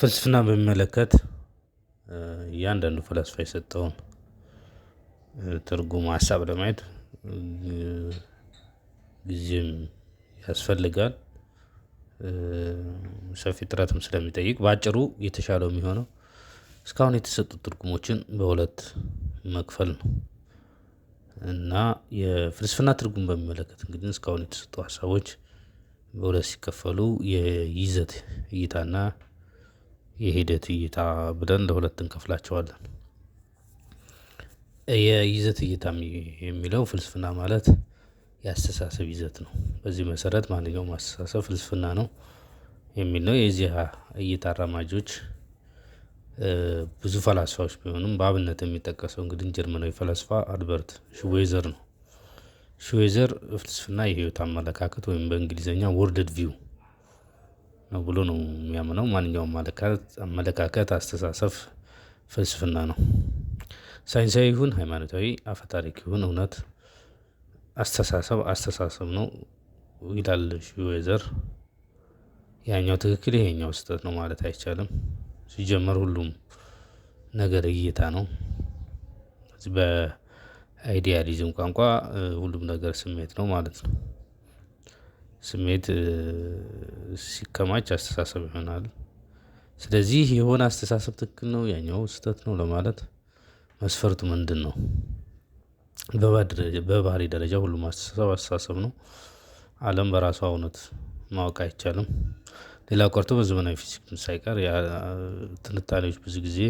ፍልስፍና በሚመለከት እያንዳንዱ ፈላስፋ የሰጠውን ትርጉም ሀሳብ ለማየት ጊዜም ያስፈልጋል፣ ሰፊ ጥረትም ስለሚጠይቅ በአጭሩ የተሻለው የሚሆነው እስካሁን የተሰጡ ትርጉሞችን በሁለት መክፈል ነው እና የፍልስፍና ትርጉም በሚመለከት እንግዲህ እስካሁን የተሰጡ ሀሳቦች በሁለት ሲከፈሉ የይዘት እይታና የሂደት እይታ ብለን ለሁለት እንከፍላቸዋለን። የይዘት እይታ የሚለው ፍልስፍና ማለት የአስተሳሰብ ይዘት ነው። በዚህ መሰረት ማንኛውም አስተሳሰብ ፍልስፍና ነው የሚል ነው። የዚህ እይታ አራማጆች ብዙ ፈላስፋዎች ቢሆኑም በአብነት የሚጠቀሰው እንግዲህ ጀርመናዊ ፈላስፋ አልበርት ሽዌዘር ነው። ሽዌዘር ፍልስፍና የህይወት አመለካከት ወይም በእንግሊዝኛ ወርልድ ቪው ነው ብሎ ነው የሚያምነው። ማንኛውም አመለካከት፣ አስተሳሰብ ፍልስፍና ነው። ሳይንሳዊ ይሁን ሃይማኖታዊ፣ አፈታሪክ ይሁን እውነት፣ አስተሳሰብ አስተሳሰብ ነው ይላል ሽዌዘር። ያኛው ትክክል ይሄኛው ስህተት ነው ማለት አይቻልም። ሲጀመር ሁሉም ነገር እይታ ነው። በአይዲያሊዝም ቋንቋ ሁሉም ነገር ስሜት ነው ማለት ነው። ስሜት ሲከማች አስተሳሰብ ይሆናል። ስለዚህ የሆነ አስተሳሰብ ትክክል ነው፣ ያኛው ስህተት ነው ለማለት መስፈርቱ ምንድን ነው? በባህሪ ደረጃ ሁሉም አስተሳሰብ አስተሳሰብ ነው። ዓለም በራሷ እውነት ማወቅ አይቻልም። ሌላ ቀርቶ በዘመናዊ ፊዚክስ ሳይቀር ትንታኔዎች ብዙ ጊዜ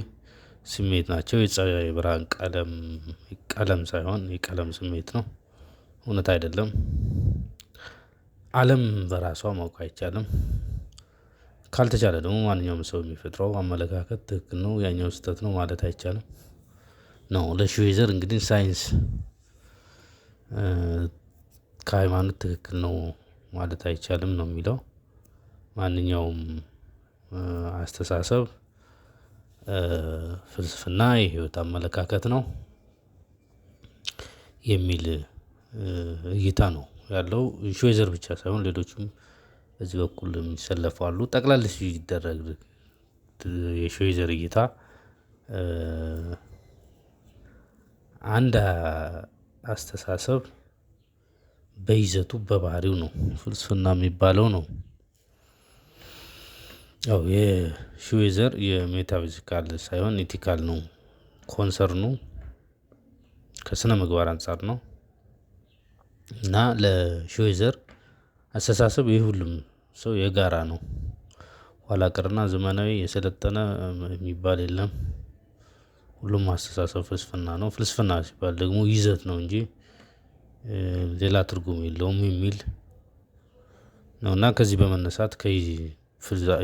ስሜት ናቸው። የፀሐይ ብርሃን ቀለም ቀለም ሳይሆን የቀለም ስሜት ነው፣ እውነት አይደለም። ዓለም በራሷ ማወቅ አይቻልም። ካልተቻለ ደግሞ ማንኛውም ሰው የሚፈጥረው አመለካከት ትክክል ነው ያኛው ስህተት ነው ማለት አይቻልም። ነው ለሹዌዘር እንግዲህ ሳይንስ ከሃይማኖት ትክክል ነው ማለት አይቻልም ነው የሚለው። ማንኛውም አስተሳሰብ ፍልስፍና የህይወት አመለካከት ነው የሚል እይታ ነው ያለው ሾይዘር ብቻ ሳይሆን ሌሎችም በዚህ በኩል የሚሰለፉ አሉ። ጠቅላላ ይደረግ የሾይዘር እይታ አንድ አስተሳሰብ በይዘቱ በባህሪው ነው ፍልስፍና የሚባለው ነው። ያው የሾይዘር የሜታፊዚካል ሳይሆን ኢቲካል ነው ኮንሰርኑ ከስነ ምግባር አንጻር ነው። እና ለሾይዘር አስተሳሰብ የሁሉም ሰው የጋራ ነው። ኋላ ቀርና ዘመናዊ የሰለጠነ የሚባል የለም። ሁሉም አስተሳሰብ ፍልስፍና ነው ፍልስፍና ሲባል ደግሞ ይዘት ነው እንጂ ሌላ ትርጉም የለውም የሚል ነው። እና ከዚህ በመነሳት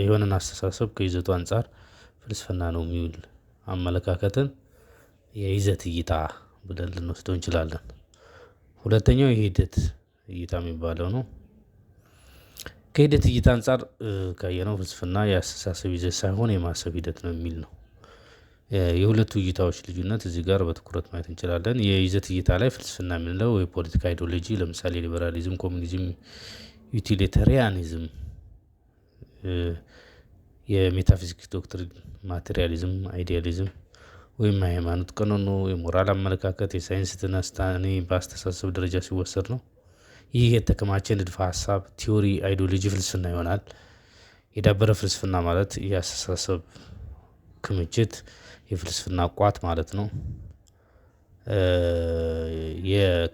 የሆነን አስተሳሰብ ከይዘቱ አንፃር ፍልስፍና ነው የሚውል አመለካከትን የይዘት እይታ ብለን ልንወስደው እንችላለን ሁለተኛው የሂደት እይታ የሚባለው ነው። ከሂደት እይታ አንፃር ካየነው ፍልስፍና የአስተሳሰብ ይዘት ሳይሆን የማሰብ ሂደት ነው የሚል ነው። የሁለቱ እይታዎች ልዩነት እዚህ ጋር በትኩረት ማየት እንችላለን። የይዘት እይታ ላይ ፍልስፍና የምንለው የፖለቲካ አይዲዮሎጂ ለምሳሌ ሊበራሊዝም፣ ኮሚኒዝም፣ ዩቲሊተሪያኒዝም፣ የሜታፊዚክስ ዶክትሪን፣ ማቴሪያሊዝም፣ አይዲያሊዝም ወይም የሃይማኖት ቀኖኖ የሞራል አመለካከት የሳይንስ ትንታኔ በአስተሳሰብ ደረጃ ሲወሰድ ነው። ይህ የተከማቸ ንድፈ ሀሳብ ቲዎሪ አይዲዮሎጂ ፍልስፍና ይሆናል። የዳበረ ፍልስፍና ማለት የአስተሳሰብ ክምችት የፍልስፍና ቋት ማለት ነው።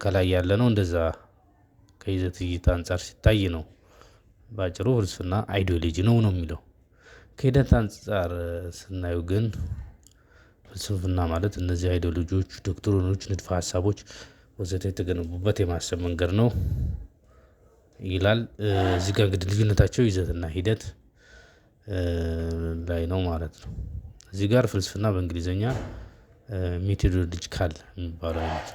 ከላይ ነው እንደዛ ከይዘት እይታ አንጻር ሲታይ ነው። በአጭሩ ፍልስፍና አይዲዮሎጂ ነው ነው የሚለው ከሂደት አንጻር ስናዩ ግን ፍልስፍና ማለት እነዚህ አይዲዮሎጂዎች፣ ዶክትሪኖች፣ ንድፈ ሀሳቦች ወዘተ የተገነቡበት የማሰብ መንገድ ነው ይላል። እዚህ ጋር እንግዲህ ልዩነታቸው ይዘትና ሂደት ላይ ነው ማለት ነው። እዚህ ጋር ፍልስፍና በእንግሊዝኛ ሜቶዶሎጂካል የሚባለው አይነት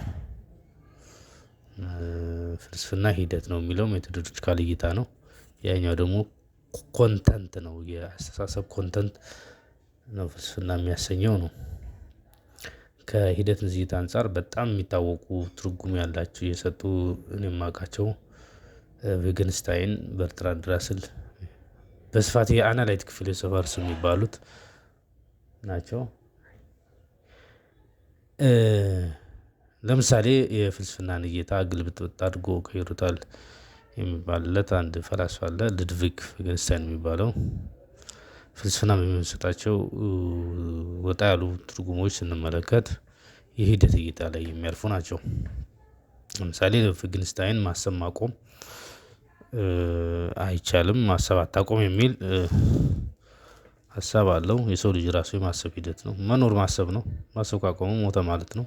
ፍልስፍና ሂደት ነው የሚለው ሜቶዶሎጂካል እይታ ነው። ያኛው ደግሞ ኮንተንት ነው፣ የአስተሳሰብ ኮንተንት ነው ፍልስፍና የሚያሰኘው ነው። ከሂደት ልጅት አንጻር በጣም የሚታወቁ ትርጉም ያላቸው የሰጡ እኔ የማውቃቸው ዊግንስታይን በርትራንድ ራስል በስፋት የአናላይቲክ ፊሎሶፈርስ የሚባሉት ናቸው። ለምሳሌ የፍልስፍናን እይታ ግልብጥብጥ አድርጎ ቀይሮታል የሚባልለት አንድ ፈላስፋ አለ፣ ልድቪግ ዊግንስታይን የሚባለው ፍልስፍና በሚሰጣቸው ወጣ ያሉ ትርጉሞች ስንመለከት የሂደት እይታ ላይ የሚያልፉ ናቸው። ለምሳሌ ለፍግንስታይን ማሰብ ማቆም አይቻልም ማሰብ አታቆም የሚል ሀሳብ አለው። የሰው ልጅ ራሱ የማሰብ ሂደት ነው መኖር ማሰብ ነው ማሰብ ካቆመ ሞተ ማለት ነው።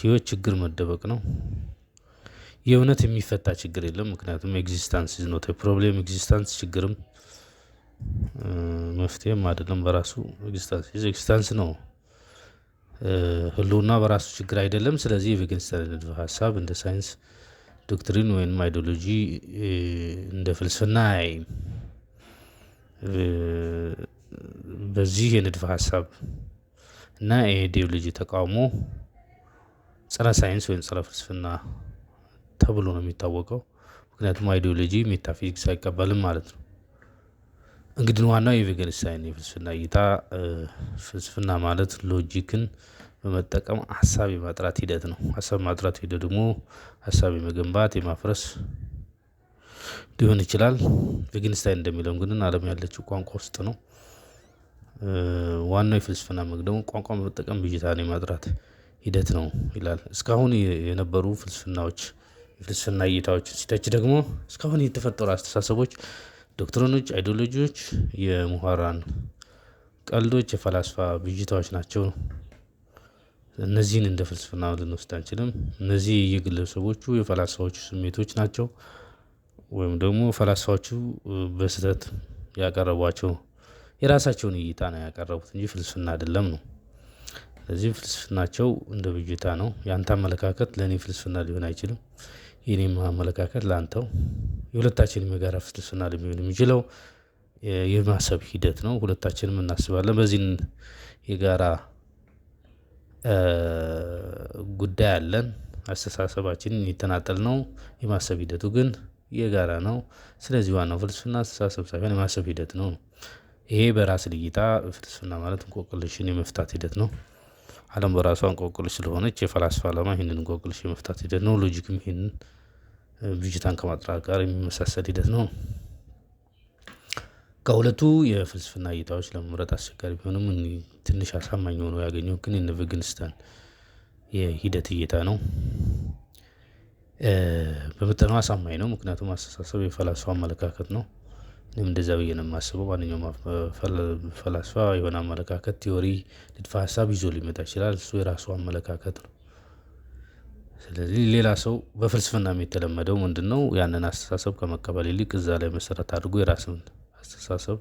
ህይወት ችግር መደበቅ ነው። የእውነት የሚፈታ ችግር የለም ምክንያቱም ኤግዚስታንስ ኖ ፕሮብሌም ኤግዚስታንስ ችግርም መፍትሄም አይደለም በራሱ ኤግዚስታንስ ነው። ህልውና በራሱ ችግር አይደለም። ስለዚህ የዊትገንስታይን ንድፈ ሀሳብ እንደ ሳይንስ ዶክትሪን ወይም አይዲዮሎጂ እንደ ፍልስፍና አያይም። በዚህ የንድፈ ሀሳብ እና የኢዲዮሎጂ ተቃውሞ ጸረ ሳይንስ ወይም ጸረ ፍልስፍና ተብሎ ነው የሚታወቀው። ምክንያቱም አይዲዮሎጂ ሜታፊዚክስ አይቀበልም ማለት ነው። እንግዲህ ዋናው የዊትገንስታይን የፍልስፍና እይታ ፍልስፍና ማለት ሎጂክን በመጠቀም ሀሳብ የማጥራት ሂደት ነው። ሀሳብ ማጥራት ሂደት ደግሞ ሀሳብ የመገንባት የማፍረስ ሊሆን ይችላል። ዊትገንስታይን እንደሚለው ግን አለም ያለችው ቋንቋ ውስጥ ነው። ዋናው የፍልስፍና መግ ደግሞ ቋንቋ በመጠቀም ብዥታን የማጥራት ሂደት ነው ይላል። እስካሁን የነበሩ ፍልስፍናዎች የፍልስፍና እይታዎችን ሲተች ደግሞ እስካሁን የተፈጠሩ አስተሳሰቦች ዶክትሪኖች፣ አይዲዮሎጂዎች የምሁራን ቀልዶች፣ የፈላስፋ ብዥታዎች ናቸው። እነዚህን እንደ ፍልስፍና ልንወስድ አንችልም። እነዚህ የግለሰቦቹ የፈላስፋዎቹ ስሜቶች ናቸው፣ ወይም ደግሞ ፈላስፋዎቹ በስህተት ያቀረቧቸው የራሳቸውን እይታ ነው ያቀረቡት እንጂ ፍልስፍና አይደለም ነው። ስለዚህ ፍልስፍናቸው እንደ ብዥታ ነው። ያንተ አመለካከት ለእኔ ፍልስፍና ሊሆን አይችልም። የኔም አመለካከት ለአንተው የሁለታችንም የጋራ ፍልስፍና ሊሆን የሚችለው የማሰብ ሂደት ነው። ሁለታችንም እናስባለን በዚህን የጋራ ጉዳይ አለን። አስተሳሰባችን የተናጠል ነው። የማሰብ ሂደቱ ግን የጋራ ነው። ስለዚህ ዋናው ፍልስፍና አስተሳሰብ ሳይሆን የማሰብ ሂደት ነው። ይሄ በራስ እይታ ፍልስፍና ማለት እንቆቅልሽን የመፍታት ሂደት ነው። ዓለም በራሷ እንቆቅልሽ ስለሆነች የፈላስፋ ዓላማ ይህንን እንቆቅልሽ የመፍታት ሂደት ነው። ሎጂክም ይህንን ብዥታን ከማጥራት ጋር የሚመሳሰል ሂደት ነው። ከሁለቱ የፍልስፍና እይታዎች ለመምረጥ አስቸጋሪ ቢሆንም ትንሽ አሳማኝ ሆኖ ያገኘው ግን የነ የሂደት እይታ ነው። በመጠኑ አሳማኝ ነው፣ ምክንያቱም አስተሳሰብ የፈላስፋ አመለካከት ነው። እኔም እንደዛ ብዬ ነው የማስበው። ማንኛውም ፈላስፋ የሆነ አመለካከት ቲዎሪ፣ ንድፈ ሀሳብ ይዞ ሊመጣ ይችላል። እሱ የራሱ አመለካከት ነው። ስለዚህ ሌላ ሰው በፍልስፍና የተለመደው ምንድነው? ያንን አስተሳሰብ ከመቀበል ይልቅ እዛ ላይ መሰረት አድርጎ የራስን አስተሳሰብ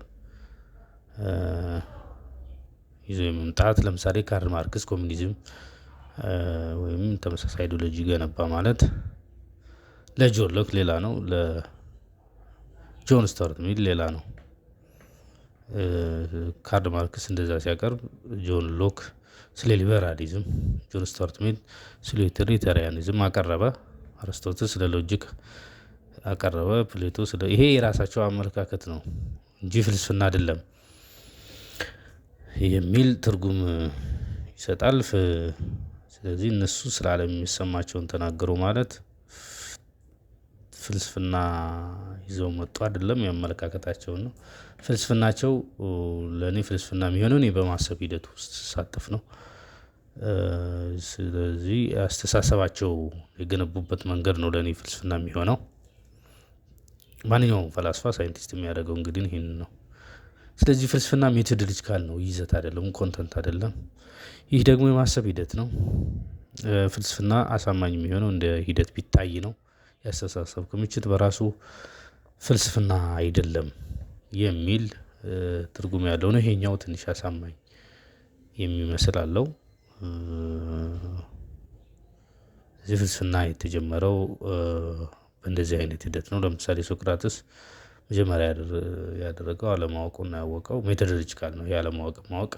ይዞ የመምጣት ለምሳሌ ካርል ማርክስ ኮሚኒዝም ወይም ተመሳሳይ አይዲዮሎጂ ገነባ ማለት ለጆን ሎክ ሌላ ነው፣ ለጆን ስታርት ሚል ሌላ ነው። ካርል ማርክስ እንደዛ ሲያቀርብ ጆን ሎክ ስለ ሊበራሊዝም፣ ጆን ስቱዋርት ሚል ስለ ዩቲሊታሪያኒዝም አቀረበ። አርስቶትል ስለ ሎጂክ አቀረበ። ፕሌቶ ስለ ይሄ የራሳቸው አመለካከት ነው እንጂ ፍልስፍና አይደለም የሚል ትርጉም ይሰጣል። ስለዚህ እነሱ ስለ ዓለም የሚሰማቸውን ተናገሩ ማለት ፍልስፍና ይዘው መጡ አይደለም፣ የአመለካከታቸውን ነው። ፍልስፍናቸው ለእኔ ፍልስፍና የሚሆነው እኔ በማሰብ ሂደት ውስጥ ሳተፍ ነው። ስለዚህ አስተሳሰባቸው የገነቡበት መንገድ ነው ለእኔ ፍልስፍና የሚሆነው። ማንኛውም ፈላስፋ ሳይንቲስት የሚያደርገው እንግዲህ ይህን ነው። ስለዚህ ፍልስፍና ሜቶዶሎጂካል ነው፣ ይዘት አይደለም፣ ኮንተንት አይደለም። ይህ ደግሞ የማሰብ ሂደት ነው። ፍልስፍና አሳማኝ የሚሆነው እንደ ሂደት ቢታይ ነው። ያስተሳሰብ ክምችት በራሱ ፍልስፍና አይደለም የሚል ትርጉም ያለው ነው። ይሄኛው ትንሽ አሳማኝ የሚመስል አለው። እዚህ ፍልስፍና የተጀመረው በእንደዚህ አይነት ሂደት ነው። ለምሳሌ ሶክራትስ መጀመሪያ ያደረገው አለማወቁና ያወቀው ሜቶዶሎጂካል ነው። የአለማወቅ ማወቅ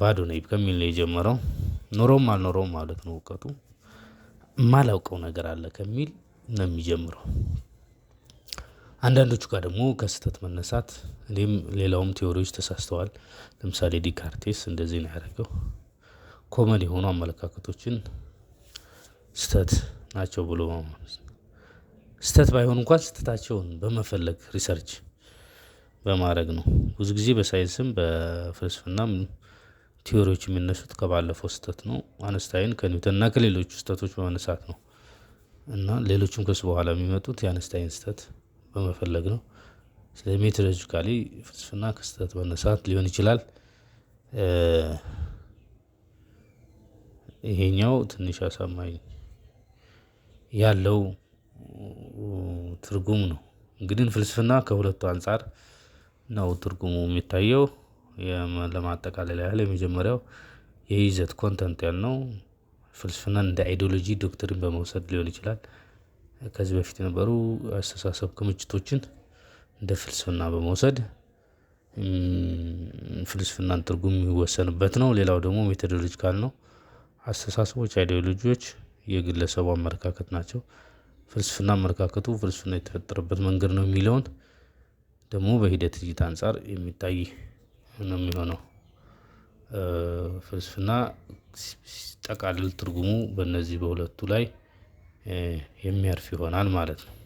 ባዶ ነይብ ከሚል ነው የጀመረው። ኖሮም አልኖረውም ማለት ነው እውቀቱ የማላውቀው ነገር አለ ከሚል ነው የሚጀምረው። አንዳንዶቹ ጋር ደግሞ ከስህተት መነሳት እንዲም ሌላውም ቴዎሪዎች ተሳስተዋል። ለምሳሌ ዲካርቴስ እንደዚህ ነው ያደረገው። ኮመን የሆኑ አመለካከቶችን ስተት ናቸው ብሎ ስተት ባይሆን እንኳን ስተታቸውን በመፈለግ ሪሰርች በማድረግ ነው። ብዙ ጊዜ በሳይንስም በፍልስፍናም ቲዎሪዎች የሚነሱት ከባለፈው ስተት ነው። አነስታይን ከኒውተን እና ከሌሎቹ ስተቶች በመነሳት ነው እና ሌሎችም ከሱ በኋላ የሚመጡት የአነስታይን ስተት በመፈለግ ነው። ስለዚህ ሜቶዶሎጂካሊ ፍልስፍና ከስተት መነሳት ሊሆን ይችላል። ይሄኛው ትንሽ አሳማኝ ያለው ትርጉም ነው። እንግዲህ ፍልስፍና ከሁለቱ አንፃር ነው ትርጉሙ የሚታየው። ለማጠቃለል ያህል የመጀመሪያው የይዘት ኮንተንት ነው። ፍልስፍናን እንደ አይዲዮሎጂ ዶክትሪን በመውሰድ ሊሆን ይችላል። ከዚህ በፊት የነበሩ አስተሳሰብ ክምችቶችን እንደ ፍልስፍና በመውሰድ ፍልስፍናን ትርጉም የሚወሰንበት ነው። ሌላው ደግሞ ሜቶዶሎጂካል ነው። አስተሳሰቦች አይዲዮሎጂዎች የግለሰቡ አመለካከት ናቸው። ፍልስፍና አመለካከቱ ፍልስፍና የተፈጠረበት መንገድ ነው የሚለውን ደግሞ በሂደት እይታ አንፃር የሚታይ ነው የሚሆነው። ፍልስፍና ሲጠቃልል ትርጉሙ በእነዚህ በሁለቱ ላይ የሚያርፍ ይሆናል ማለት ነው